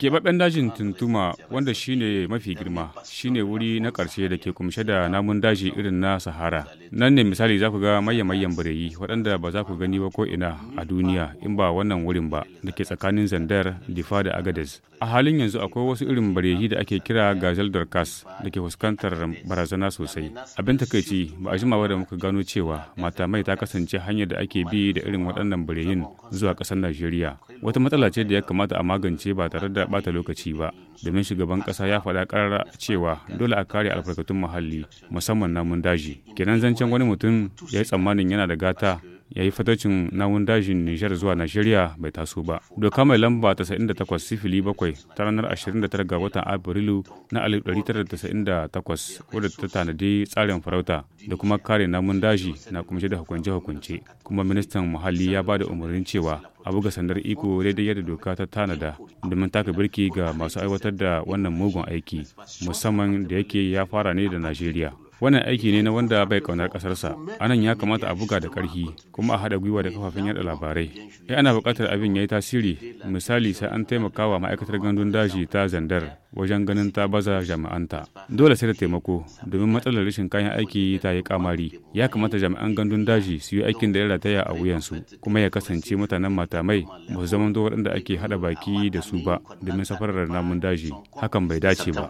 Keɓaɓɓen dajin Tuntuma wanda shine mafi girma shine wuri na ƙarshe da ke kumshe da namun daji irin na Sahara. Nan ne misali za ku ga mayan-mayan bireyi waɗanda ba za ku gani ba ko ina a duniya in ba wannan wurin ba da ke tsakanin Zandar, Difa da Agadez. A halin yanzu akwai wasu irin bireyi da ake kira Gazel Dorcas da ke fuskantar barazana sosai. Abin takaici ba a jimawa da muka gano cewa mata mai ta kasance hanyar da ake bi da irin waɗannan bireyin zuwa ƙasar Najeriya. Najeriya wata matsala ce da ya kamata a magance ba tare da bata lokaci ba domin shugaban kasa ya faɗa ƙarara cewa dole a kare alfarkatun muhalli musamman namun daji kenan zancen wani mutum ya yi tsammanin yana da gata ya yi fatacin nawun dajin Nijar zuwa Najeriya bai taso ba. Doka mai lamba 98 sifili bakwai ta ranar 29 ga watan Afrilu na 1998 wadda ta tanadi tsarin farauta da kuma kare namun daji na kumshe da hukunce-hukunce. Kuma ministan muhalli ya ba da umarnin cewa a buga sandar iko daidai yadda doka ta tanada domin taka birki ga masu aiwatar da wannan mugun aiki musamman da yake ya fara ne da Najeriya. Wannan aiki ne na wanda bai kaunar kasarsa Anan ya kamata a buga da ƙarfi kuma a haɗa gwiwa da kafafen yada labarai. ai eh, ana buƙatar abin ya yi tasiri misali sai an taimaka wa ma'aikatar gandun daji ta Zandar wajen ganin ta baza jami'anta dole sai da taimako domin matsalar rashin kayan aiki ta yi kamari ya kamata jami'an gandun daji su yi aikin da ya rataya a wuyansu kuma ya kasance mutanen matamai ba su zama waɗanda ake haɗa baki da su ba domin safarar namun daji hakan bai dace ba